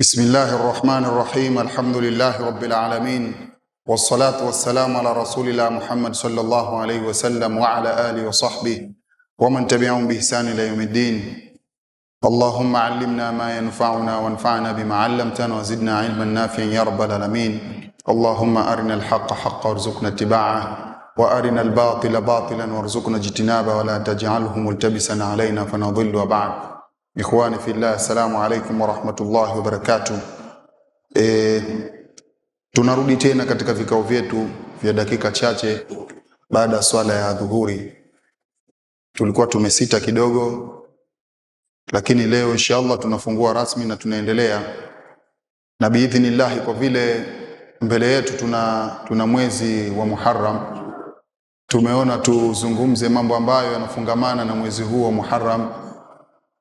بسم الله الرحمن الرحيم الحمد لله رب العالمين والصلاة والسلام على رسول الله محمد صلى الله عليه وسلم وعلى آله وصحبه ومن تبعهم بإحسان إلى يوم الدين اللهم علمنا ما ينفعنا وانفعنا بما علمتنا وزدنا علما نافعا يا رب العالمين اللهم أرنا الحق حقا وارزقنا اتباعه وارنا الباطل باطلا وارزقنا اجتنابه ولا تجعله ملتبسا علينا فنضل وبعد Ikhwani fillah, assalamu alaikum warahmatullahi wabarakatuh. E, tunarudi tena katika vikao vyetu vya dakika chache baada ya swala ya dhuhuri. Tulikuwa tumesita kidogo, lakini leo insha Allah tunafungua rasmi na tunaendelea na biidhnillahi, kwa vile mbele yetu tuna, tuna mwezi wa Muharram. Tumeona tuzungumze mambo ambayo yanafungamana na mwezi huu wa Muharram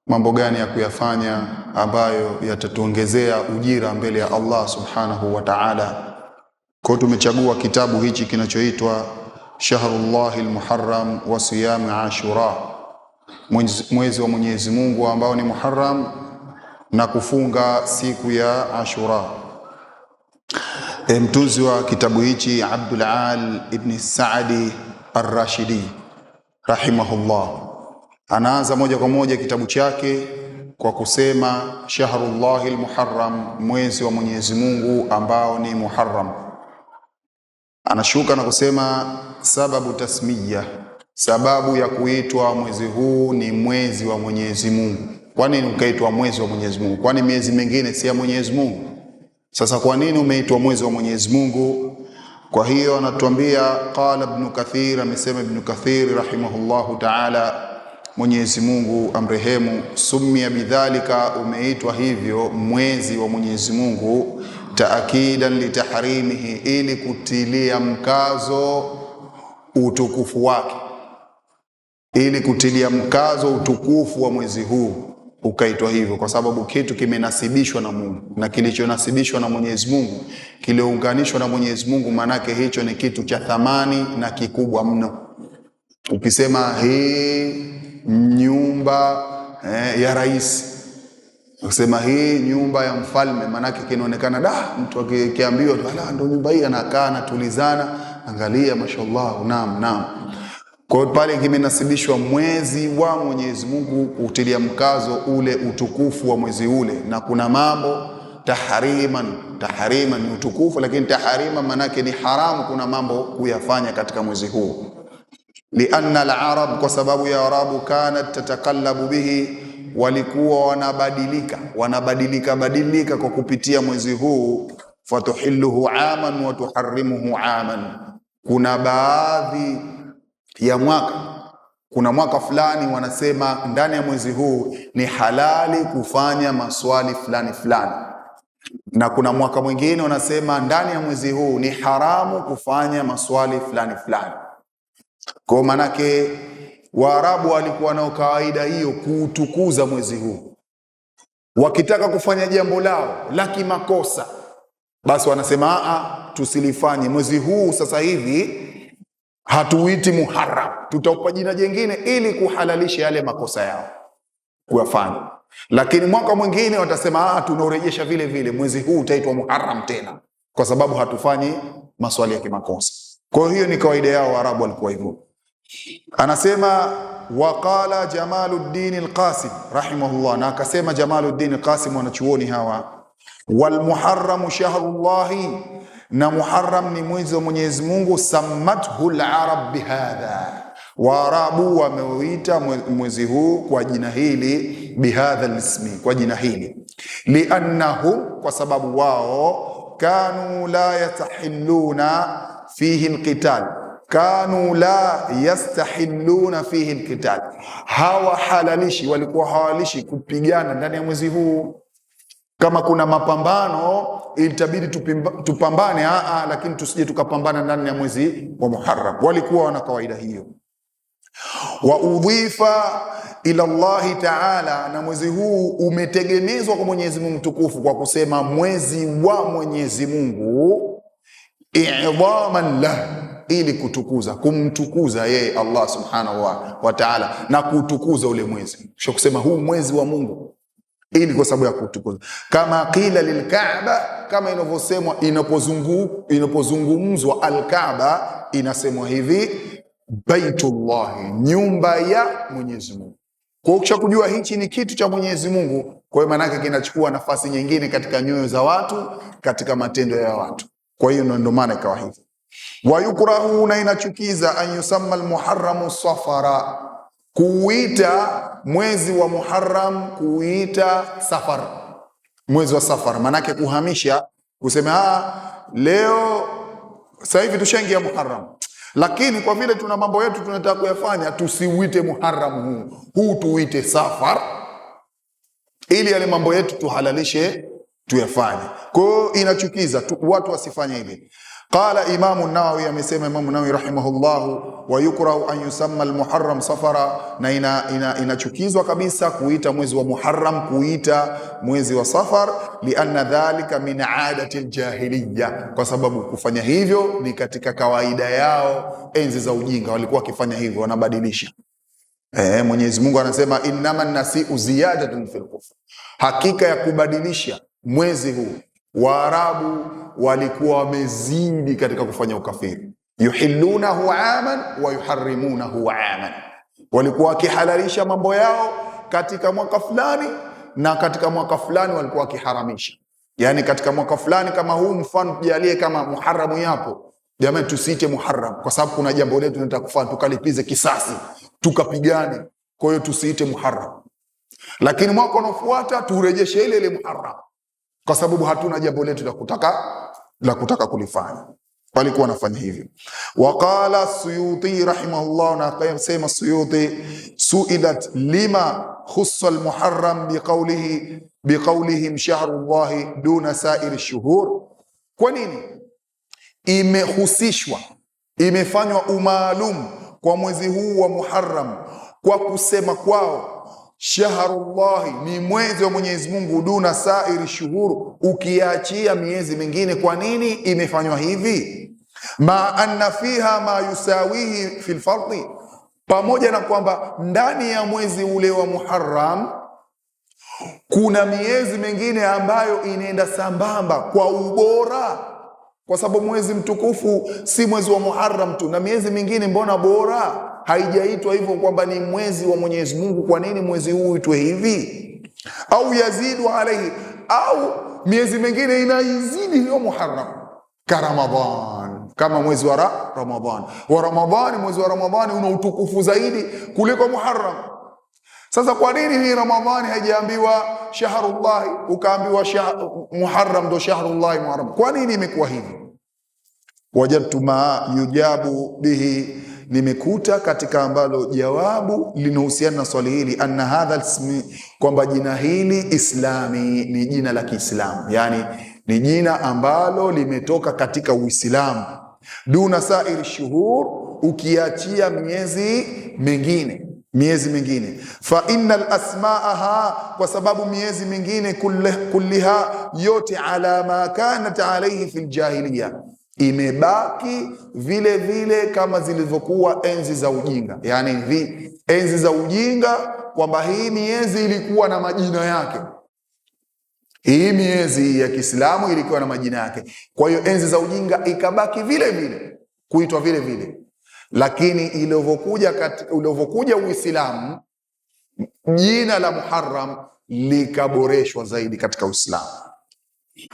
mambo gani ya kuyafanya ambayo yatatuongezea ujira mbele ya Allah subhanahu wa ta'ala. Kwa tumechagua kitabu hichi kinachoitwa Shahrullahil Muharram wa Siyam Ashura, mwezi wa Mwenyezi Mungu ambao ni Muharram na kufunga siku ya Ashura. E, mtunzi wa kitabu hichi Abdul Al ibn Saadi Ar-Rashidi rahimahullah Anaanza moja kwa moja kitabu chake kwa kusema shahrullahi lmuharram, mwezi wa Mwenyezi Mungu ambao ni Muharram. Anashuka na kusema sababu tasmiya, sababu ya kuitwa mwezi huu ni mwezi wa Mwenyezi Mungu. Kwa nini ukaitwa mwezi wa Mwenyezi Mungu? Kwani miezi mingine si ya Mwenyezi Mungu? Sasa kwa nini umeitwa mwezi wa Mwenyezi Mungu? Kwa hiyo anatuambia, qala Ibn Kathir, amesema Ibn Kathir rahimahullahu ta'ala Mwenyezi Mungu amrehemu. Sumia bidhalika, umeitwa hivyo mwezi wa Mwenyezi Mungu, taakidan litaharimihi, ili kutilia mkazo utukufu wake, ili kutilia mkazo utukufu wa mwezi huu ukaitwa hivyo, kwa sababu kitu kimenasibishwa na Mungu, na kilichonasibishwa na Mwenyezi Mungu, kiliounganishwa na Mwenyezi Mungu, maanake hicho ni kitu cha thamani na kikubwa mno. Ukisema hii nyumba eh, ya rais Ukisema hii nyumba ya mfalme, maanake kinaonekana da, mtu akiambiwa ala, ndo nyumba hii anakaa anatulizana, angalia, mashallah, naam naam. Kwa hiyo pale kimenasibishwa mwezi wa Mwenyezi Mungu kutilia mkazo ule utukufu wa mwezi ule, na kuna mambo tahariman, tahariman ni utukufu, lakini taharima maanake ni haramu, kuna mambo kuyafanya katika mwezi huu lianna larab kwa sababu ya Arabu, kanat tatakallabu bihi, walikuwa wanabadilika wanabadilika badilika kwa kupitia mwezi huu. Fatuhilluhu aman wa tuharrimuhu aman, kuna baadhi ya mwaka, kuna mwaka fulani wanasema ndani ya mwezi huu ni halali kufanya maswali fulani fulani na kuna mwaka mwingine wanasema ndani ya mwezi huu ni haramu kufanya maswali fulani fulani. Kwa manake Waarabu walikuwa nao kawaida hiyo kuutukuza mwezi huu. Wakitaka kufanya jambo lao la kimakosa, basi wanasema a, tusilifanye mwezi huu. Sasa hivi hatuiti Muharram, tutaupa jina jengine ili kuhalalisha yale makosa yao kuyafanya. Lakini mwaka mwingine watasema a, tunaorejesha vile vile, mwezi huu utaitwa Muharram tena, kwa sababu hatufanyi maswali ya kimakosa. Kwa hiyo ni kawaida yao, Waarabu walikuwa hivyo. Anasema waqala Jamaluddin al-Qasim rahimahullah, na akasema Jamaluddin al-Qasim, wanachuoni hawa, walmuharramu shahrullahi, na Muharram ni mwezi wa Mwenyezi Mungu, sammathu al-arab bihadha Waarabu wameuita mwezi huu kwa jina hili, bihadha ismi kwa jina hili liannahum, kwa sababu wao kanu la yatahilluna fihi alqital kanu la yastahilluna fihi lqital, hawahalalishi walikuwa hawalishi kupigana ndani ya mwezi huu. Kama kuna mapambano ilitabidi tupambane, a, lakini tusije tukapambana ndani ya mwezi wa Muharram. Walikuwa wana kawaida hiyo. wa udhifa ila Allahi taala, na mwezi huu umetegemezwa kwa Mwenyezi Mungu tukufu kwa kusema mwezi wa Mwenyezi Mungu i'dhaman lah, ili kutukuza kumtukuza yeye Allah subhanahu wa ta'ala, na kuutukuza ule mwezi, sio kusema huu mwezi wa Mungu, ili kwa sababu ya kutukuza. Kama qila lilkaaba, kama inavyosemwa inapozungumzwa alkaaba, inasemwa hivi baitullahi, nyumba ya Mwenyezi Mungu. Kwa hiyo ukishakujua hichi ni kitu cha Mwenyezi Mungu, kwa hiyo maanake kinachukua nafasi nyingine katika nyoyo za watu, katika matendo ya watu. Kwa hiyo ndio maana ikawa hivyo. Wayukrahu, na inachukiza an yusamma almuharramu safara, kuuita mwezi wa Muharram kuuita safar, mwezi wa safar, maanake kuhamisha, kusema ah, leo sasa hivi tushaingia Muharram, lakini kwa vile tuna mambo yetu tunataka kuyafanya, tusiuite Muharram huu huu, tuuite safar, ili yale mambo yetu tuhalalishe tuyafanye. Kwa hiyo inachukiza tu, watu wasifanye hivi. Qala Imamu Nawawi, amesema Imamu Nawawi rahimahullahu, wa yukrahu an yusamma almuharram safara, na inachukizwa ina, ina kabisa kuita mwezi wa Muharram kuita mwezi wa Safar, lianna dhalika min adati aljahiliya, kwa sababu kufanya hivyo ni katika kawaida yao. Enzi za ujinga walikuwa wakifanya hivyo, wanabadilisha eh. Mwenyezi Mungu anasema innama nasiu ziyadatun fil kufr, hakika ya kubadilisha mwezi huu Waarabu walikuwa wamezidi katika kufanya ukafiri. yuhillunahu aman wa yuharrimunahu aman, walikuwa wakihalalisha mambo yao katika mwaka fulani na katika mwaka fulani walikuwa wakiharamisha. Yani katika mwaka fulani kama huu, mfano tujalie kama Muharamu yapo, jamani, tusiite Muharam kwa sababu kuna jambo letu tunataka kufanya, tukalipize kisasi, tukapigane. Kwa hiyo tusiite Muharam, lakini mwaka unaofuata turejeshe ile ile Muharam kwa sababu hatuna jambo letu la kutaka la kutaka kulifanya. Walikuwa wanafanya hivyo. Waqala Suyuti rahimahullah, na akasema Suyuti, suilat lima khussa almuharram biqawlihi biqawlihim shahrullahi duna sairi shuhur, kwa nini imehusishwa imefanywa umaalum kwa mwezi huu wa Muharram kwa kusema kwao shahrullahi ni mwezi wa Mwenyezi Mungu, duna sairi shuhuru, ukiachia miezi mingine. Kwa nini imefanywa hivi? ma anna fiha ma yusawihi fi fardhi, pamoja na kwamba ndani ya mwezi ule wa Muharram kuna miezi mingine ambayo inaenda sambamba kwa ubora, kwa sababu mwezi mtukufu si mwezi wa Muharram tu, na miezi mingine mbona bora haijaitwa hivyo kwamba ni mwezi wa Mwenyezi Mungu. Kwa nini mwezi huu uitwe hivi? Au yazidu alaihi, au miezi mingine inaizidi hiyo Muharram, karamadhan, kama mwezi wa Ramadhan wa Ramadhani. Mwezi wa Ramadhani una utukufu zaidi kuliko Muharram. Sasa kwa nini hii Ramadhani haijaambiwa shahrullahi ukaambiwa Muharram ndo shahrullahi Muharram? Kwa nini imekuwa hivi? wajadtu ma yujabu bihi nimekuta katika ambalo jawabu linahusiana na swali hili, anna hadha ismi, kwamba jina hili islami ni jina la Kiislamu, yani ni jina ambalo limetoka katika Uislamu. Duna sairi shuhur, ukiachia miezi mingine miezi mingine fa innal asmaaha, kwa sababu miezi mingine kulliha yote, ala ma kanat alaihi fi ljahiliya imebaki vile vile kama zilivyokuwa enzi za ujinga, yaani vi, enzi za ujinga kwamba hii miezi ilikuwa na majina yake. Hii miezi ya Kiislamu ilikuwa na majina yake. Kwa hiyo enzi za ujinga ikabaki vile vile kuitwa vile vile, lakini ilivyokuja ilivyokuja Uislamu jina la Muharram likaboreshwa zaidi katika Uislamu.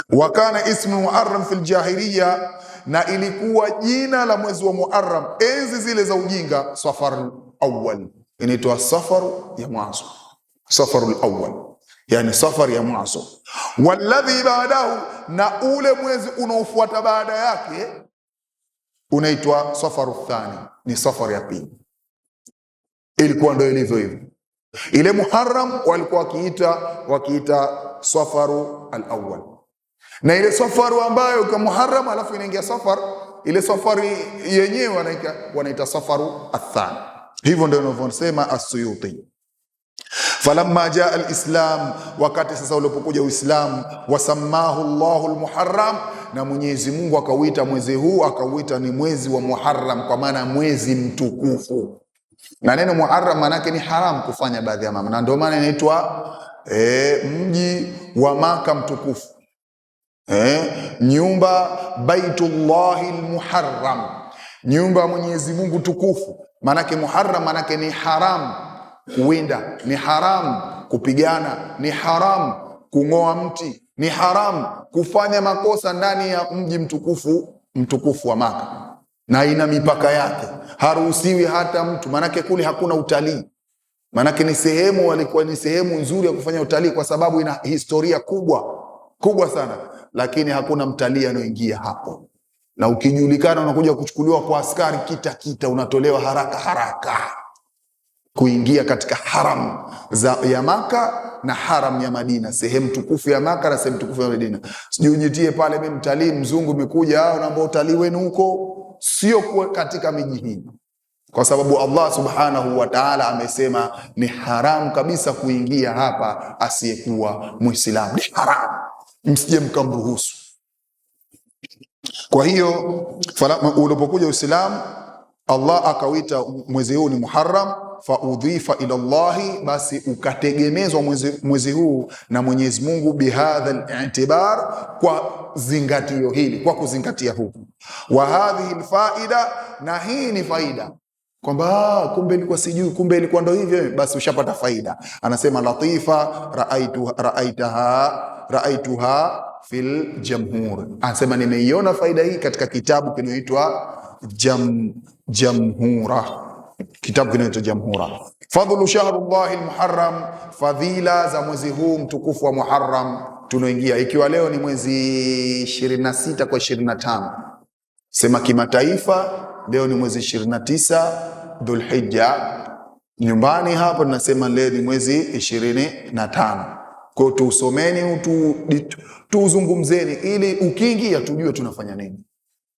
Wakana ismu muharram fil jahiliya na ilikuwa jina la mwezi wa Muharram enzi zile za ujinga, safar awwal, inaitwa safaru ya mwanzo, safaru awwal Yani safari ya mwanzo. Walladhi baadahu, na ule mwezi unaofuata baada yake unaitwa safaru thani, ni safari ya pili. Ilikuwa ndo ilivyo hivyo. Ile Muharram walikuwa wakiita wakiita safaru alawal na ile safaru ambayo kwa Muharram, alafu inaingia safar, ile safari yenyewe wanaita wanaita safaru athani. Hivyo ndio wanavyosema Asuyuti. Falamma jaa alislam, wakati sasa ulipokuja Uislamu, wasamahu llahu lmuharram, na Mwenyezi Mungu akauita mwezi huu akauita ni mwezi wa Muharram, kwa maana mwezi mtukufu. Na neno Muharram maanake ni haram kufanya baadhi ya mambo, na ndio maana inaitwa e, mji wa Maka mtukufu eh, nyumba Baitullahi lmuharram, nyumba ya Mwenyezi Mungu tukufu. Maanake muharram maanake ni haram kuwinda, ni haram kupigana, ni haram kung'oa mti, ni haram kufanya makosa ndani ya mji mtukufu mtukufu wa Maka, na ina mipaka yake, haruhusiwi hata mtu, maanake kule hakuna utalii maanake ni sehemu, walikuwa ni sehemu nzuri ya kufanya utalii, kwa sababu ina historia kubwa kubwa sana lakini hakuna mtalii anaoingia hapo, na ukijulikana unakuja kuchukuliwa kwa askari kita kita, unatolewa haraka haraka kuingia katika haram za ya Maka na haram ya Madina, sehemu tukufu ya Maka na sehemu tukufu ya Madina. Sijiunyitie pale, mimi mtalii mzungu mekuja, naomba utalii wenu huko, sio katika miji hii, kwa sababu Allah subhanahu wa ta'ala amesema ni haramu kabisa kuingia hapa asiyekuwa Muislamu, ni haramu msije mkamruhusu. Kwa hiyo ulipokuja Uislamu, Allah akawita mwezi huu ni Muharram, faudhifa ila llahi, basi ukategemezwa mwezi, mwezi huu na Mwenyezi Mungu bihadha litibar, kwa zingatio hili, kwa kuzingatia huku wa hadhihi lfaida, na hii ni faida kwamba ah, kumbe ilikuwa sijui, kumbe ilikuwa ndo hivyo, basi ushapata faida. Anasema latifa raaitaha raaituha fil Jamhur, anasema nimeiona faida hii katika kitabu kinaitwa jam, Jamhura, kitabu kinaitwa Jamhura. Fadhlu shahrullahi lmuharam fadhila za mwezi huu mtukufu wa Muharram tunaoingia, ikiwa leo ni mwezi 26 kwa 25, sema kimataifa leo ni mwezi 29 Dhulhijja, nyumbani hapo tunasema leo ni mwezi 25 kwa hiyo tuusomeni, tuuzungumzeni ili ukiingia tujue tunafanya nini.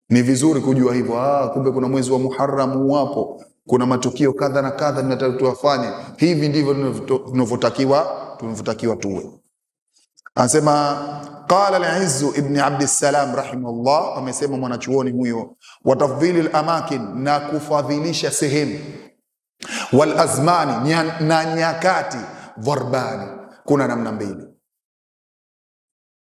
Ni vizuri kujua hivyo. Ah, kumbe kuna mwezi wa Muharram uwapo, kuna matukio kadha na kadha tunataka Hivi ndivyo tunavyotakiwa tunavyotakiwa tuwe. Anasema qala al-Izzu ibn Abd salam rahimahullah, amesema mwanachuoni huyo, wa tafdhili al-amakin, na kufadhilisha sehemu, wal azmani, na nyakati, dharbani kuna namna mbili.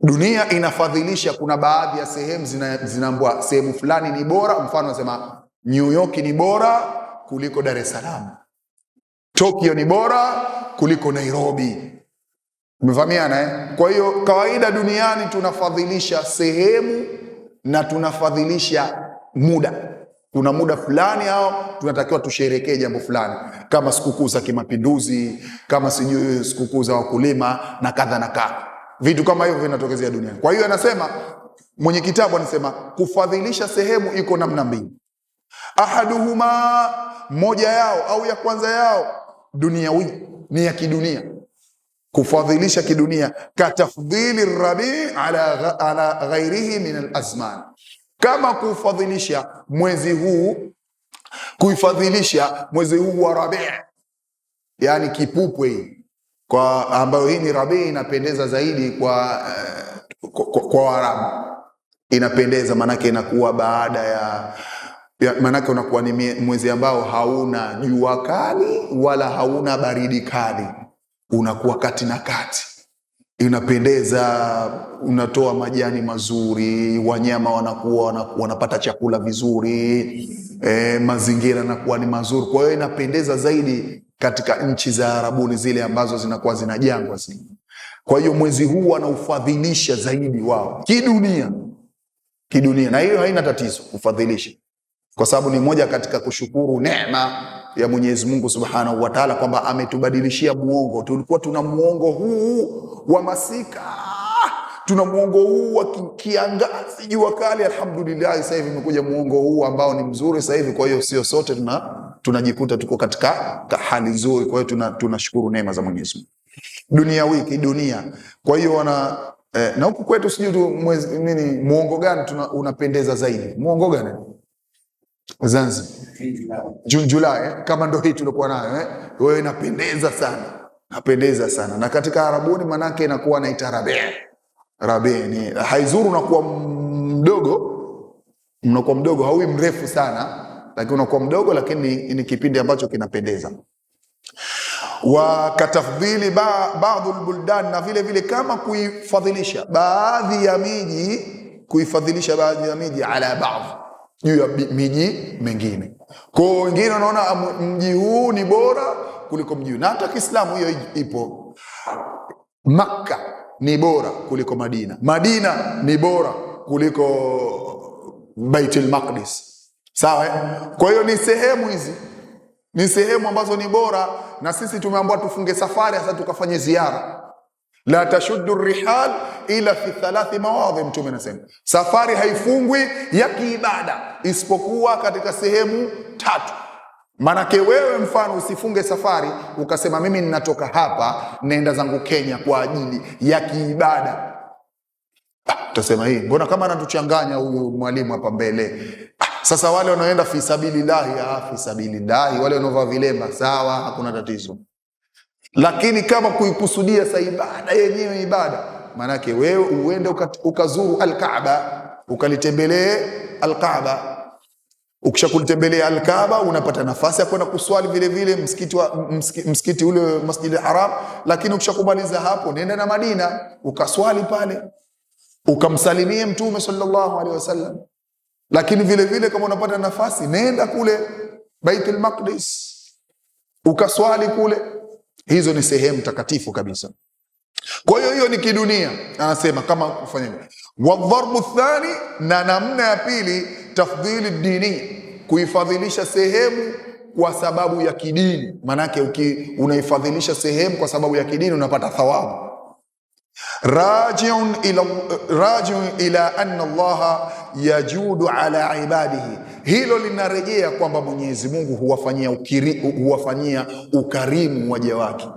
Dunia inafadhilisha, kuna baadhi ya sehemu zinaambua sehemu fulani ni bora. Mfano nasema New York ni bora kuliko Dar es Salaam, Tokyo ni bora kuliko Nairobi. Umefahamiana eh? Kwa hiyo kawaida duniani tunafadhilisha sehemu na tunafadhilisha muda kuna muda fulani hao tunatakiwa tusherekee jambo fulani, kama sikukuu za kimapinduzi, kama sijui sikukuu za wakulima na kadha na kadha. Vitu kama hivyo vinatokezea duniani. Kwa hiyo anasema mwenye kitabu anasema kufadhilisha sehemu iko namna mbili, ahaduhuma, moja yao au ya kwanza yao, duniawi, ni ya kidunia kufadhilisha kidunia, katafdhili rabi ala, ala ghairihi min alazmani kama kuufadhilisha mwezi huu kuifadhilisha mwezi huu wa Rabii, yani kipupwe kwa ambayo hii ni Rabi inapendeza zaidi kwa eh, kwa, kwa, kwa Waarabu inapendeza, maanake inakuwa baada ya, ya maanake unakuwa ni mwezi ambao hauna jua kali wala hauna baridi kali, unakuwa kati na kati inapendeza, unatoa majani mazuri, wanyama wanakuwa, wanapata chakula vizuri e, mazingira yanakuwa ni mazuri. Kwa hiyo inapendeza zaidi katika nchi za Arabuni zile ambazo zinakuwa zina jangwa. Kwa hiyo mwezi huu wanaufadhilisha zaidi wao kidunia, kidunia, na hiyo haina tatizo kufadhilisha, kwa sababu ni moja katika kushukuru neema ya Mwenyezi Mungu Subhanahu wa Ta'ala, kwamba ametubadilishia muongo. Tulikuwa tuna muongo huu wa masika, tuna muongo huu wa kiangazi, jua kali. Alhamdulillah, sasa hivi imekuja muongo huu ambao ni mzuri sasa hivi. Kwa hiyo sio sote tuna tunajikuta tuko katika hali nzuri, kwa hiyo tunashukuru tuna neema za Mwenyezi Mungu. Dunia wiki dunia, kwa hiyo wana eh, na huku kwetu sijui nini muongo gani tuna, unapendeza zaidi muongo gani? Zanzibar June July, eh? kama ndo hii tulikuwa nayo eh? Wewe inapendeza sana, napendeza sana na katika Arabuni manake inakuwa naita rabia. rabi ni haizuru, unakuwa mdogo, unakuwa mdogo, haui mrefu sana, lakini unakuwa mdogo, lakini ni kipindi ambacho kinapendeza wa katafdhili baadhi lbuldan, na vile vile kama kuifadhilisha baadhi ya miji, kuifadhilisha baadhi ya miji ala baadhi juu ya miji mengine. ko wengine wanaona ah, mji huu ni bora kuliko mji huu, na hata Kiislamu hiyo ipo. Makka ni bora kuliko Madina, Madina ni bora kuliko Baitul Maqdis. Sawa. Eh? Kwa hiyo ni sehemu hizi ni sehemu ambazo ni bora, na sisi tumeambiwa tufunge safari, hasa tukafanye ziara la tashuddu rihal ila fi thalathi mawadhi, Mtume anasema safari haifungwi ya kiibada isipokuwa katika sehemu tatu. Manake wewe mfano usifunge safari ukasema mimi ninatoka hapa naenda zangu Kenya kwa ajili ya kiibada. Ah, utasema hii mbona kama anatuchanganya huyu mwalimu hapa mbele. Ah, sasa wale wanaoenda fi ah, fi wale wanaovaa vilemba sawa, hakuna tatizo lakini kama kuikusudia sa ibada yenyewe ibada, maanake wewe uende ukazuru Alkaaba, ukalitembelee Alkaaba. Ukishakulitembelea Alkaaba unapata nafasi ya kwenda kuswali vile vile msikiti wa msikiti, msikiti ule Masjid Haram. Lakini ukishakumaliza hapo, nenda na Madina ukaswali pale, ukamsalimie Mtume sallallahu alaihi wasallam. Lakini vile vile kama unapata nafasi, nenda kule Baitul Maqdis ukaswali kule Hizo ni sehemu takatifu kabisa. Kwa hiyo hiyo ni kidunia, anasema kama kufanya wadharbu thani, na namna ya pili tafdhili dini, kuifadhilisha sehemu kwa sababu ya kidini. Maanake unaifadhilisha sehemu kwa sababu ya kidini unapata thawabu. Rajiun ila, rajiun ila anna Allaha yajudu ala ibadihi, hilo linarejea kwamba Mwenyezi Mungu huwafanyia ukiri, huwafanyia ukarimu waja wake.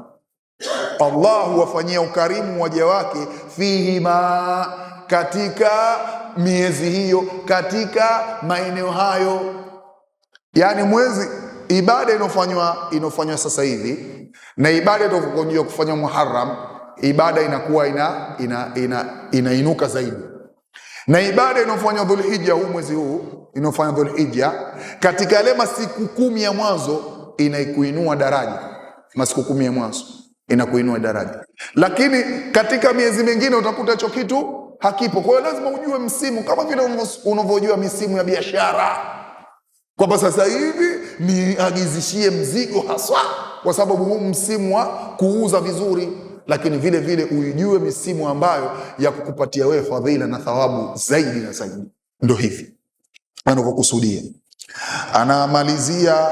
Allah huwafanyia ukarimu waja wake fihima, katika miezi hiyo, katika maeneo hayo, yani mwezi ibada inofanywa inofanywa sasa hivi na ibada itakuja kufanywa Muharram, ibada inakuwa ina, ina, ina, inainuka zaidi na ibada inayofanywa dhulhija huu mwezi huu inayofanywa dhulhija katika yale masiku kumi ya mwanzo inaikuinua daraja, masiku kumi ya mwanzo inakuinua daraja, lakini katika miezi mingine utakuta hicho kitu hakipo. Kwa hiyo lazima ujue msimu, kama vile unavyojua misimu ya biashara kwamba sasa hivi niagizishie mzigo haswa, kwa sababu huu msimu wa kuuza vizuri lakini vile vile uijue misimu ambayo ya kukupatia wewe fadhila na thawabu zaidi na zaidi. Ndo hivi anavyokusudia. Anamalizia,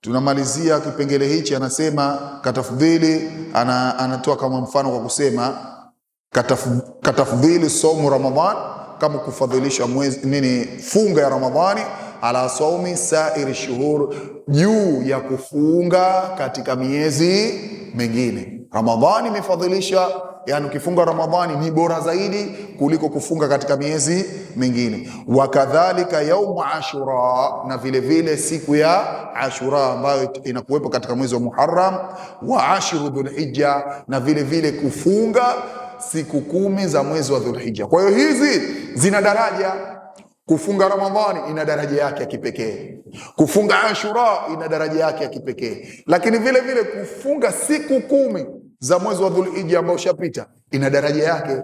tunamalizia kipengele hichi, anasema katafdhili ana, anatoa kama mfano kwa kusema kataf, katafdhili somu Ramadhan, kama kufadhilisha mwezi nini, funga ya Ramadhani ala saumi sairi shuhur, juu ya kufunga katika miezi mengine. Ramadhani imefadhilisha, yani ukifunga Ramadhani ni bora zaidi kuliko kufunga katika miezi mingine. Wakadhalika yaumu ashura, na vile vile siku ya Ashura ambayo inakuwepo katika mwezi wa Muharram wa ashru Dhulhijja, na vile vile kufunga siku kumi za mwezi wa Dhulhijja. Kwa hiyo hizi zina daraja. Kufunga Ramadhani ina daraja yake ya kipekee, kufunga Ashura ina daraja yake ya kipekee, lakini vile vile kufunga siku kumi za mwezi wa Dhulhija ambao ushapita ina daraja yake.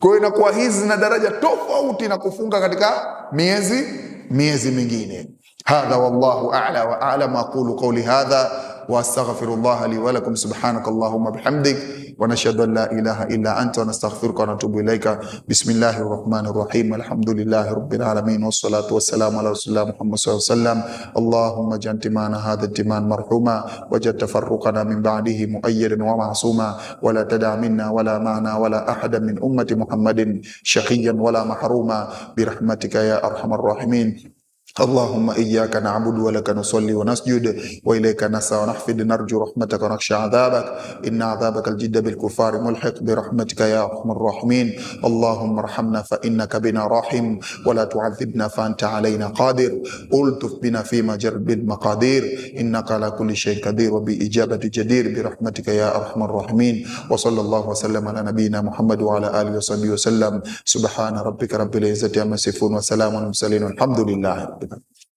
Kwa hiyo inakuwa hizi zina daraja tofauti na kufunga katika miezi miezi mingine. Hadha wallahu a'la wa a'lam aqulu qawli hadha واستغفر الله لي ولكم سبحانك اللهم بحمدك ونشهد ان لا اله الا انت ونستغفرك ونتوب اليك بسم الله الرحمن الرحيم الحمد لله رب العالمين والصلاه والسلام على رسول الله محمد صلى الله عليه وسلم اللهم اجعل انتمانا هذا التمان مرحوما واجعل تفرقنا من بعده مؤيدا ومعصوما ولا تدع منا ولا معنا ولا احدا من امه محمد شقيا ولا محروما برحمتك يا ارحم الراحمين اللهم إياك نعبد ولك نصلي ونسجد وإليك نسعى ونحفد نرجو رحمتك ونخشى عذابك إن عذابك الجد بالكفار ملحق برحمتك يا أرحم الراحمين اللهم ارحمنا فإنك بنا راحم ولا تعذبنا فأنت علينا قادر ألطف بنا فيما جر بالمقادير إنك على كل شيء قدير وبإجابة جدير برحمتك يا أرحم الراحمين وصلى الله وسلم على نبينا محمد وعلى آله وصحبه وسلم سبحان ربك رب العزة عما يصفون وسلام على المرسلين والحمد لله رب থাকবেন